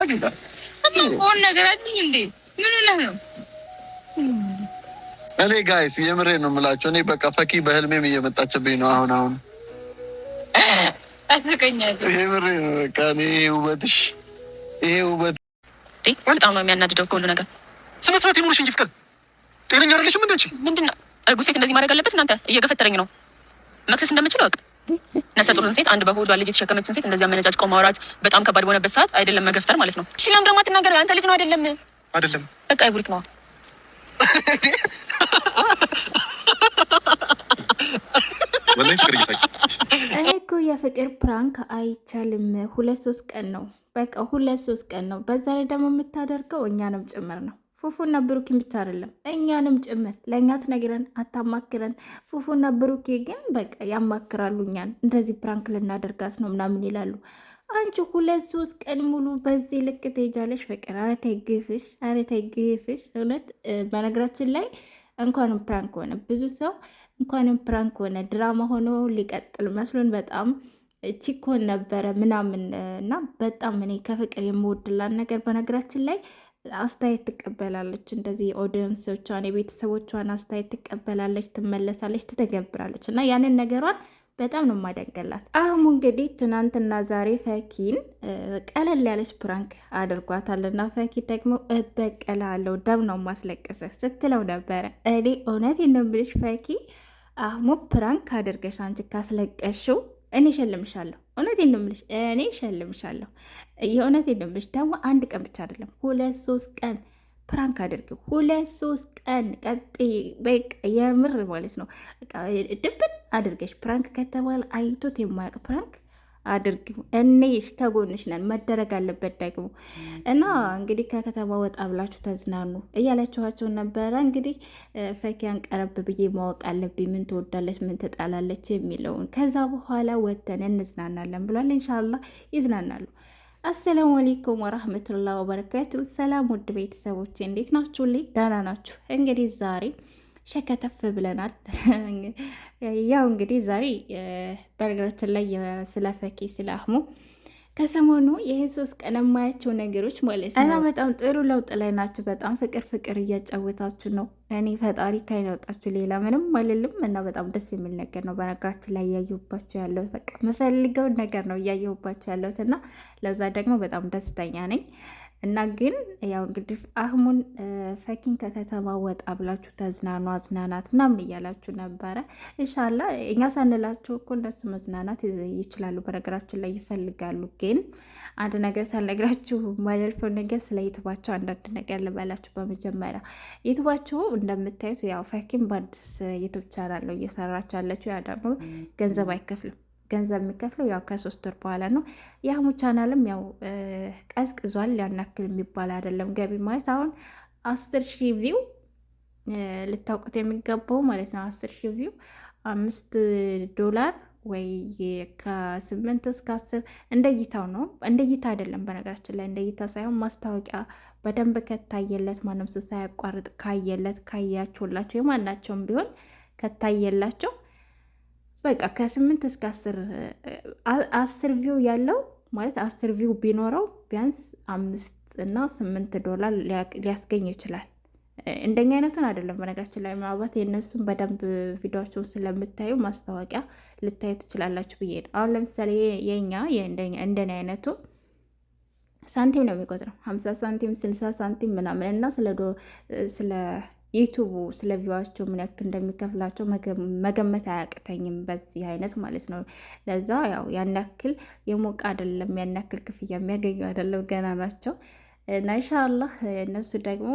ምን እኔ ጋይስ የምሬ ነው የምላቸው። እኔ በቃ ፈኪ በህልሜም እየመጣችብኝ ነው አሁን አሁን የምሬ ነው በቃ እኔ ውበትሽ፣ ይሄ ውበት በጣም ነው የሚያናድደው ከሁሉ ነገር። ስነ ስርዓት ይኑርሽ እንጂ ፍቅር፣ ጤነኛ አይደለሽም። ምንድን ነው እርጉዝ ሴት እንደዚህ ማድረግ አለበት? እናንተ እየገፈተረኝ ነው መክሰስ እንደምችለው አውቅ ነፍሰ ጡርን ሴት አንድ በሆዷ ልጅ የተሸከመችን ሴት እንደዚህ አመነጫጭቆ ማውራት በጣም ከባድ በሆነበት ሰዓት አይደለም መገፍተር ማለት ነው። እሺ ለምን ደግሞ አትናገር? አንተ ልጅ ነው አይደለም? አይደለም። በቃ ይቡሪት ነው። እኔ እኮ የፍቅር ፕራንክ አይቻልም። ሁለት ሶስት ቀን ነው በቃ ሁለት ሶስት ቀን ነው። በዛ ላይ ደግሞ የምታደርገው እኛንም ጭምር ነው። ፉፉና ብሩኬን ብቻ አይደለም እኛንም ጭምር ለእኛ ትነግረን አታማክረን። ፉፉና ብሩኬ ግን በቃ ያማክራሉ፣ እኛን እንደዚህ ፕራንክ ልናደርጋት ነው ምናምን ይላሉ። አንቺ ሁለት ሶስት ቀን ሙሉ በዚህ ልክ ትሄጃለሽ። ፍቅር ኧረ ተይ ግፍሽ፣ ኧረ ተይ ግፍሽ። እውነት በነገራችን ላይ እንኳንም ፕራንክ ሆነ ብዙ ሰው እንኳንም ፕራንክ ሆነ ድራማ ሆኖ ሊቀጥል መስሎን በጣም ቺኮን ነበረ ምናምን እና በጣም እኔ ከፍቅር የምወድላን ነገር በነገራችን ላይ አስተያየት ትቀበላለች። እንደዚህ ኦዲየንሶቿን የቤተሰቦቿን አስተያየት ትቀበላለች፣ ትመለሳለች፣ ትተገብራለች እና ያንን ነገሯን በጣም ነው የማደንቅላት። አሁን እንግዲህ ትናንትና ዛሬ ፈኪን ቀለል ያለች ፕራንክ አድርጓታል እና ፈኪ ደግሞ እበቀላለሁ ደም ነው ማስለቀሰ ስትለው ነበረ። እኔ እውነት የምልሽ ፈኪ አህሙ ፕራንክ አድርገሽ አንቺ ካስለቀሽው እኔ ሸልምሻለሁ። እውነቴን ነው የምልሽ፣ እኔ ሸልምሻለሁ። የእውነቴን ነው የምልሽ። ደግሞ አንድ ቀን ብቻ አይደለም ሁለት ሶስት ቀን ፕራንክ አድርጊው። ሁለት ሶስት ቀን ቀጥይ፣ በቃ የምር ማለት ነው ድብን አድርገሽ ፕራንክ ከተባለ አይቶት የማያውቅ ፕራንክ አድርግ እኔ ከጎንሽ ነን፣ መደረግ አለበት ደግሞ እና እንግዲህ ከከተማ ወጣ ብላችሁ ተዝናኑ እያላችኋቸው ነበረ። እንግዲህ ፈኪያን ቀረብ ብዬ ማወቅ አለብኝ፣ ምን ትወዳለች፣ ምን ትጣላለች የሚለውን ከዛ በኋላ ወተን እንዝናናለን ብሏል። እንሻላ ይዝናናሉ። አሰላሙ አሌይኩም ወራህመቱላ ወበረካቱ። ሰላም ውድ ቤተሰቦች እንዴት ናችሁ? ልይ ደህና ናችሁ? እንግዲህ ዛሬ ሸከተፍ ብለናል። ያው እንግዲህ ዛሬ በነገራችን ላይ ስለ ፈኪ ስለ አህሙ ከሰሞኑ የሶስት ቀን ማያቸው ነገሮች ማለት ነው እና በጣም ጥሩ ለውጥ ላይ ናችሁ። በጣም ፍቅር ፍቅር እያጫወታችሁ ነው። እኔ ፈጣሪ ካይናውጣችሁ ሌላ ምንም አልልም። እና በጣም ደስ የሚል ነገር ነው። በነገራችን ላይ እያየሁባችሁ ያለሁት በቃ የምፈልገውን ነገር ነው እያየሁባችሁ ያለሁት እና ለዛ ደግሞ በጣም ደስተኛ ነኝ። እና ግን ያው እንግዲህ አህሙን ፈኪን ከከተማ ወጣ ብላችሁ ተዝናኑ፣ አዝናናት ምናምን እያላችሁ ነበረ። እንሻላ እኛ ሳንላችሁ እኮ እነሱ መዝናናት ይችላሉ። በነገራችን ላይ ይፈልጋሉ። ግን አንድ ነገር ሳልነግራችሁ ማለልፈው ነገር ስለ ዩቱባቸው አንዳንድ ነገር ልበላችሁ። በመጀመሪያ ዩቱባቸው እንደምታዩት ያው ፈኪን በአዲስ ዩቱብ ቻናል ነው እየሰራች ያለችው። ያ ደግሞ ገንዘብ አይከፍልም ገንዘብ የሚከፍለው ያው ከሶስት ወር በኋላ ነው። የአህሙ ቻናልም ያው ቀዝቅዟል። ያናክል የሚባል አይደለም ገቢ ማለት አሁን አስር ሺ ቪው ልታውቁት የሚገባው ማለት ነው። አስር ሺ ቪው አምስት ዶላር ወይ ከስምንት እስከ አስር እንደ እይታው ነው። እንደ እይታ አይደለም በነገራችን ላይ እንደ እይታ ሳይሆን ማስታወቂያ በደንብ ከታየለት ማንም ሰው ሳያቋርጥ ካየለት ካያችሁላቸው የማናቸውም ቢሆን ከታየላቸው በቃ ከስምንት እስከ አስር ቪው ያለው ማለት አስር ቪው ቢኖረው ቢያንስ አምስት እና ስምንት ዶላር ሊያስገኝ ይችላል። እንደኛ አይነቱን አይደለም በነገራችን ላይ ምናልባት የእነሱን በደንብ ቪዲዮቸውን ስለምታዩ ማስታወቂያ ልታዩ ትችላላችሁ ብዬ ነው። አሁን ለምሳሌ የኛ እንደኔ አይነቱ ሳንቲም ነው የሚቆጥረው ሀምሳ ሳንቲም ስልሳ ሳንቲም ምናምን እና ስለ ዩቱቡ ስለ ቪዋቸው ምን ያክል እንደሚከፍላቸው መገመት አያቅተኝም። በዚህ አይነት ማለት ነው። ለዛ ያው ያን ያክል የሞቀ አይደለም፣ ያን ያክል ክፍያ የሚያገኙ አይደለም፣ ገና ናቸው እና ኢንሻላህ እነሱ ደግሞ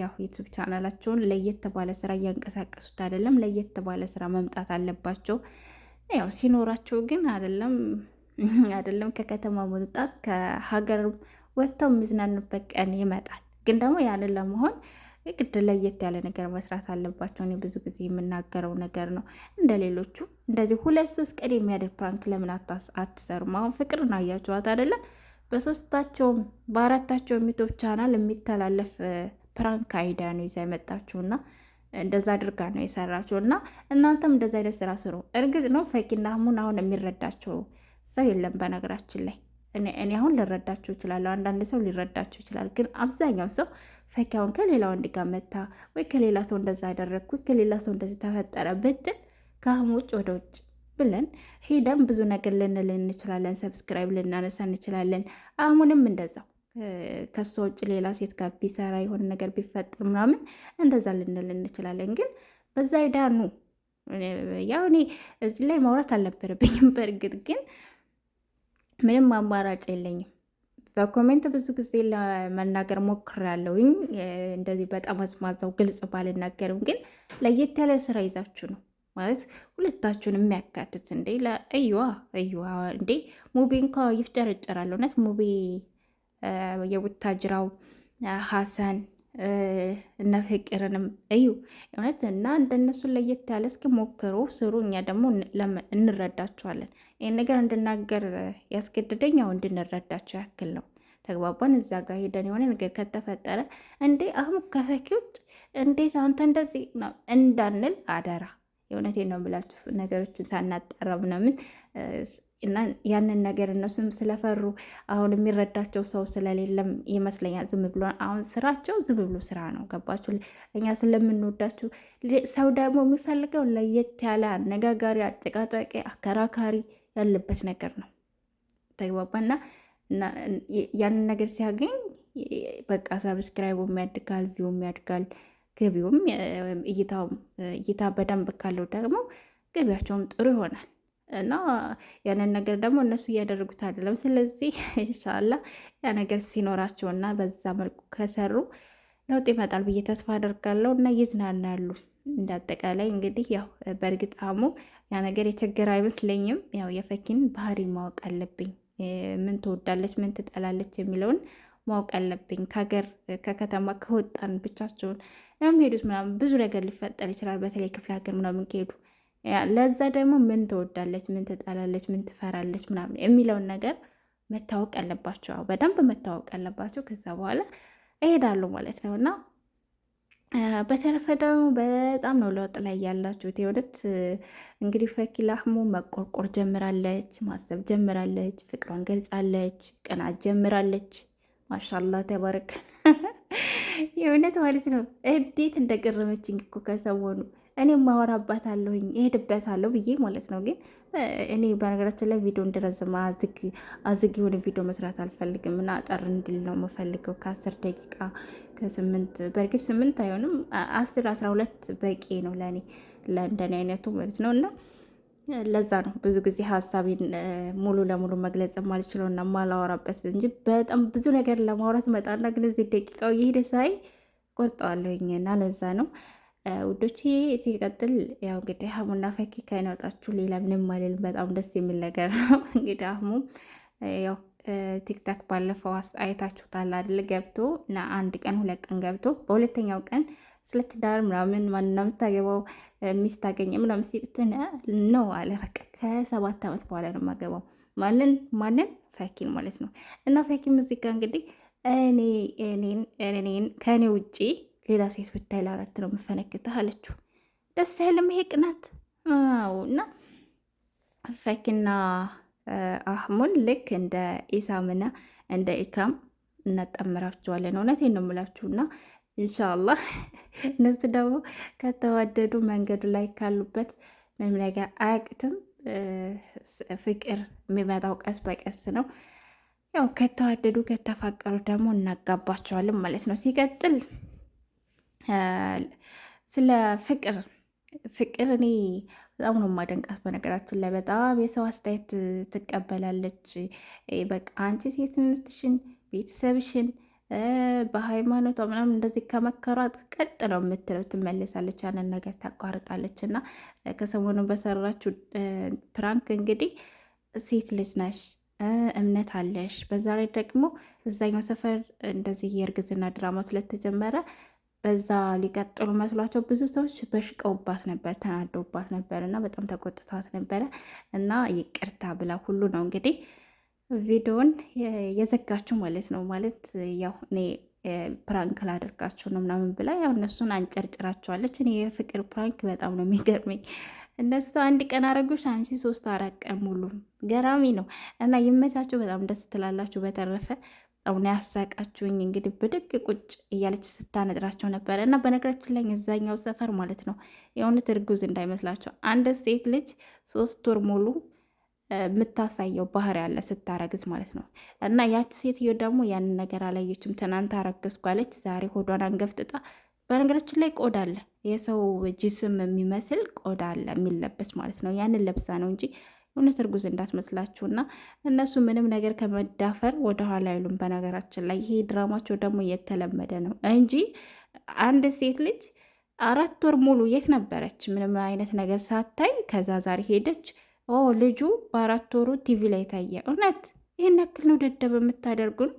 ያው ዩቱብ ቻናላቸውን ለየት ባለ ስራ እያንቀሳቀሱት አይደለም፣ ለየት ባለ ስራ መምጣት አለባቸው። ያው ሲኖራቸው ግን አይደለም አይደለም ከከተማ መውጣት ከሀገር ወጥተው የሚዝናኑበት ቀን ይመጣል። ግን ደግሞ ያንን ለመሆን የግድ ለየት ያለ ነገር መስራት አለባቸው። እኔ ብዙ ጊዜ የምናገረው ነገር ነው። እንደ ሌሎቹ እንደዚህ ሁለት ሶስት ቀን የሚያደርግ ፕራንክ ለምን አትሰሩም? አሁን ፍቅርን አያችኋት አይደለም? በሶስታቸውም በአራታቸው ዩቱብ ቻናል የሚተላለፍ ፕራንክ አይዲያ ነው ይዛ የመጣችሁና እንደዛ አድርጋ ነው የሰራችው። እና እናንተም እንደዛ አይነት ስራ ስሩ። እርግጥ ነው ፈኪና ሙን አሁን የሚረዳቸው ሰው የለም። በነገራችን ላይ እኔ አሁን ልረዳችሁ ይችላለሁ፣ አንዳንድ ሰው ሊረዳቸው ይችላል። ግን አብዛኛው ሰው ፈኪያውን ከሌላ ወንድ ጋር መታ ወይ ከሌላ ሰው እንደዛ ያደረግኩ ከሌላ ሰው እንደዚህ ተፈጠረ ብትል ከአህሙ ውጭ ወደ ውጭ ብለን ሄደን ብዙ ነገር ልንል እንችላለን። ሰብስክራይብ ልናነሳ እንችላለን። አህሙንም እንደዛው ከእሷ ውጭ ሌላ ሴት ጋር ቢሰራ የሆነ ነገር ቢፈጥር ምናምን እንደዛ ልንል እንችላለን። ግን በዛ ሄዳኑ ያው እኔ እዚህ ላይ ማውራት አልነበረብኝም። በእርግጥ ግን ምንም አማራጭ የለኝም። በኮሜንት ብዙ ጊዜ ለመናገር ሞክራለሁኝ። እንደዚህ በጣም አዝማዛው ግልጽ ባልናገርም ግን ለየት ያለ ስራ ይዛችሁ ነው ማለት ሁለታችሁን የሚያካትት እንዴ ለእዩዋ እዩዋ እንዴ ሙቤ እንኳ ይፍጨረጨራል። እውነት ሙቤ የቡታጅራው ሀሰን እነ ፍቅርንም እዩ እውነት እና እንደነሱ ለየት ያለ እስኪ ሞክሩ ስሩ። እኛ ደግሞ እንረዳቸዋለን። ይህን ነገር እንድናገር ያስገድደኝ ያው እንድንረዳቸው ያክል ነው። ተግባባን። እዛ ጋር ሄደን የሆነ ነገር ከተፈጠረ እንዴ አሁን ከፈኪዎች እንዴት አንተ እንደዚህ ነው እንዳንል አደራ የእውነቴን ነው ብላችሁ ነገሮችን ሳናጣራ ምናምን እና ያንን ነገር እነሱም ስለፈሩ አሁን የሚረዳቸው ሰው ስለሌለም ይመስለኛል ዝም ብሎ አሁን ስራቸው ዝም ብሎ ስራ ነው። ገባችሁ? እኛ ስለምንወዳችሁ ሰው ደግሞ የሚፈልገው ለየት ያለ አነጋጋሪ፣ አጨቃጫቂ፣ አከራካሪ ያለበት ነገር ነው። ተግባባና ያንን ነገር ሲያገኝ በቃ ሰብስክራይቡ ያድጋል፣ ቪውም ያድጋል። ገቢውም እይታ በደንብ ካለው ደግሞ ገቢያቸውም ጥሩ ይሆናል እና ያንን ነገር ደግሞ እነሱ እያደረጉት አይደለም። ስለዚህ እንሻላ ያ ነገር ሲኖራቸው እና በዛ መልኩ ከሰሩ ለውጥ ይመጣል ብዬ ተስፋ አደርጋለሁ እና ይዝናናሉ። እንዳጠቃላይ እንግዲህ ያው በእርግጥ አሙ ያ ነገር የችግር አይመስለኝም። ያው የፈኪን ባህሪ ማወቅ አለብኝ። ምን ትወዳለች፣ ምን ትጠላለች የሚለውን ማወቅ አለብኝ። ከሀገር ከከተማ ከወጣን ብቻቸውን ለምን ሄዱት ምናምን ብዙ ነገር ሊፈጠር ይችላል። በተለይ ክፍለ ሀገር ምናምን ከሄዱ ለዛ ደግሞ ምን ትወዳለች፣ ምን ትጠላለች፣ ምን ትፈራለች ምናምን የሚለውን ነገር መታወቅ ያለባቸው አዎ በደንብ መታወቅ ያለባቸው ከዛ በኋላ እሄዳለሁ ማለት ነው እና በተረፈ ደግሞ በጣም ነው ለውጥ ላይ ያላችሁት። የእውነት እንግዲህ ፈኪላህሙ መቆርቆር ጀምራለች፣ ማሰብ ጀምራለች፣ ፍቅሯን ገልጻለች፣ ቀና ጀምራለች። ማሻላ ተባረክ የእውነት ማለት ነው። እንዴት እንደገረመችኝ እኮ ከሰሞኑ እኔ ማወራባት አለሁኝ እሄድበት አለሁ ብዬ ማለት ነው። ግን እኔ በነገራችን ላይ ቪዲዮ እንድረዝም አዝግ የሆነ ቪዲዮ መስራት አልፈልግም እና አጠር እንድል ነው የምፈልገው ከአስር ደቂቃ ከስምንት በእርግጥ ስምንት አይሆንም አስር አስራ ሁለት በቂ ነው ለእኔ ለእንደኔ አይነቱ ማለት ነው እና ለዛ ነው ብዙ ጊዜ ሀሳቤን ሙሉ ለሙሉ መግለጽ የማልችለው እና ማላወራበት እንጂ በጣም ብዙ ነገር ለማውራት መጣና ግን እዚህ ደቂቃው የሄደ ሳይ ቆርጠዋለሁኝ እና ለዛ ነው ውዶች። ሲቀጥል ያው እንግዲህ ሀሙና ፈኪ ከይነውጣችሁ ሌላ ምንም አልልም። በጣም ደስ የሚል ነገር ነው። እንግዲህ ሀሙ ያው ቲክታክ ባለፈው አይታችሁታል አይደል? ገብቶ ለአንድ ቀን ሁለት ቀን ገብቶ በሁለተኛው ቀን ስለ ትዳር ምናምን ማንና የምታገባው ሚስት አገኘ ምናምን ሲሉት ነው አለ። በቃ ከሰባት ዓመት በኋላ ነው የማገባው። ማንን ማንን? ፈኪን ማለት ነው። እና ፈኪን ሙዚቃ እንግዲህ እኔ እኔን እኔን ከእኔ ውጪ ሌላ ሴት ብታይ ላራት ነው የምፈነክተህ አለችው። ደስ አይልም ይሄ ቅናት። አዎ እና ፈኪና አህሙን ልክ እንደ ኢሳምና እንደ ኢክራም እናጣምራችኋለን። እውነቴን ነው የምላችሁና ኢንሻአላህ እነሱ ደግሞ ከተዋደዱ መንገዱ ላይ ካሉበት ምንም ነገር አያቅትም። ፍቅር የሚመጣው ቀስ በቀስ ነው። ያው ከተዋደዱ ከተፋቀሩ ደግሞ እናጋባቸዋለን ማለት ነው። ሲቀጥል ስለ ፍቅር ፍቅር እኔ በጣም ነው የማደንቃት። በነገራችን ላይ በጣም የሰው አስተያየት ትቀበላለች። በቃ አንቺ ሴትነትሽን ቤተሰብሽን በሃይማኖቷ ምናምን እንደዚህ ከመከሯት ቀጥ ነው የምትለው፣ ትመለሳለች፣ ያንን ነገር ታቋርጣለች። እና ከሰሞኑ በሰራችው ፕራንክ እንግዲህ ሴት ልጅ ነሽ እምነት አለሽ፣ በዛ ላይ ደግሞ እዛኛው ሰፈር እንደዚህ የእርግዝና ድራማ ስለተጀመረ በዛ ሊቀጥሉ መስሏቸው ብዙ ሰዎች በሽቀውባት ነበር፣ ተናደውባት ነበር እና በጣም ተቆጥቷት ነበረ እና ይቅርታ ብላ ሁሉ ነው እንግዲህ ቪዲዮን የዘጋችሁ ማለት ነው። ማለት ያው እኔ ፕራንክ ላደርጋችሁ ነው ምናምን ብላ ያው እነሱን አንጨርጭራቸዋለች። እኔ የፍቅር ፕራንክ በጣም ነው የሚገርመኝ። እነሱ አንድ ቀን አረጉሽ፣ አንቺ ሶስት አራት ቀን ሙሉ ገራሚ ነው እና ይመቻችሁ። በጣም ደስ ትላላችሁ። በተረፈ በጣም ያሳቃችሁኝ። እንግዲህ ብድግ ቁጭ እያለች ስታነጥራቸው ነበረ እና በነገራችን ላይ እዛኛው ሰፈር ማለት ነው የእውነት እርጉዝ እንዳይመስላቸው አንድ ሴት ልጅ ሶስት ወር ሙሉ የምታሳየው ባህሪ ያለ ስታረግዝ ማለት ነው። እና ያቺ ሴትዮ ደግሞ ያንን ነገር አላየችም። ትናንት አረገዝኩ አለች፣ ዛሬ ሆዷን አንገፍጥጣ። በነገራችን ላይ ቆዳ አለ፣ የሰው ጅስም የሚመስል ቆዳ አለ የሚለበስ ማለት ነው። ያንን ለብሳ ነው እንጂ እውነት እርጉዝ እንዳትመስላችሁ። እና እነሱ ምንም ነገር ከመዳፈር ወደኋላ አይሉም። በነገራችን ላይ ይሄ ድራማቸው ደግሞ የተለመደ ነው እንጂ አንድ ሴት ልጅ አራት ወር ሙሉ የት ነበረች? ምንም አይነት ነገር ሳታይ ከዛ ዛሬ ሄደች ኦ ልጁ በአራት ወሩ ቲቪ ላይ ታየ። እውነት ይህን ያክል ነው ደደብ የምታደርጉን?